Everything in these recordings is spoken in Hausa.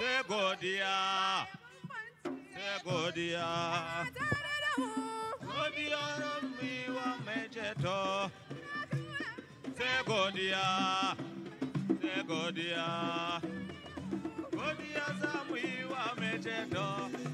Say Godia. Say Godia. Godia Rambi wa mejeto. Say Godia. Say Godia. Godia Zambi wa mejeto.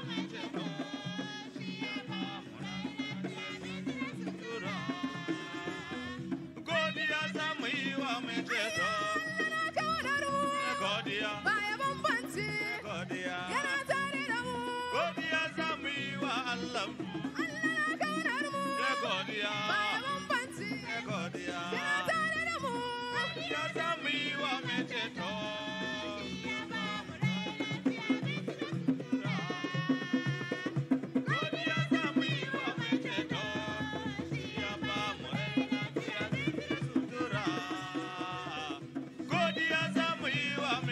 godiya.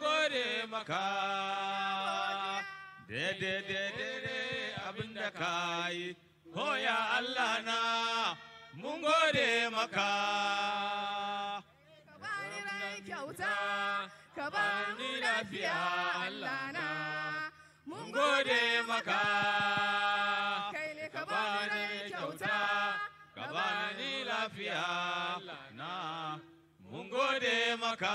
gode maka daidai daidai abin da ka yi ya Allah na mun gode maka ka ni kyauta ka bani lafiya Allah na mun gode maka kai ne ka bani kyauta ka bani lafiya Allah na mun gode maka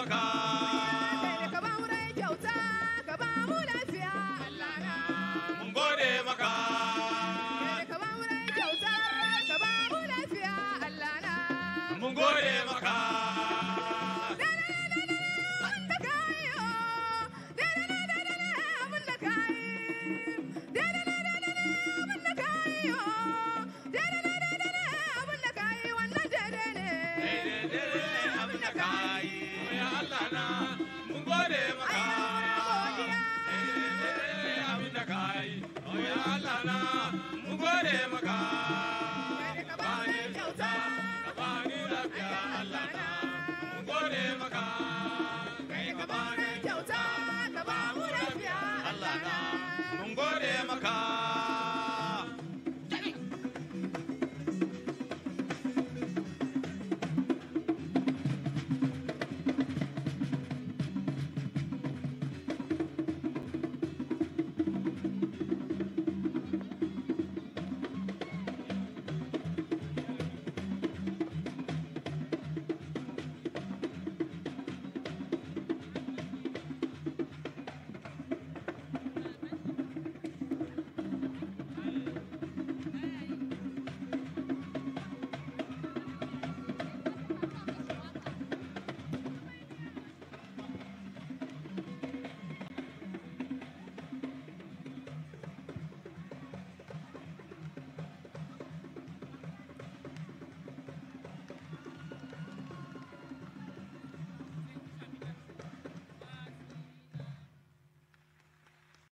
Alana na mu maka bani